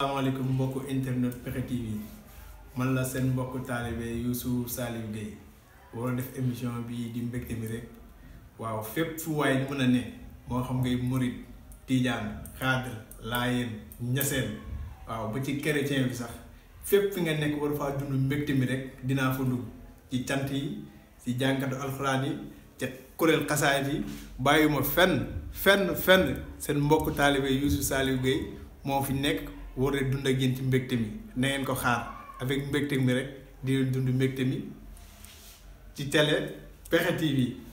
salaamaaleykum mbokku internet Pexxe TV man la seen mbokku taalibe Youssou Saliou Gueye waroon def émission bi di mbégte mi rek waaw fépp fu waay mën a ne moo xam ngay murit tijaan xaadir laayeen ñaseen waaw ba ci chrétien bi sax fépp fi nga nekk war mi rek dinaa fa dugg ci cant yi ci jànkatu alxuraan yi ca kuréel xasaayit yi bàyyi fenn fenn fenn seen mbokku taalibe u Saliou Gueye moo fi nekk war a dund a génn ci mbegte mi na ko xaar avec mbegte mi rek di dund mbégte mi ci télé Pexxe TV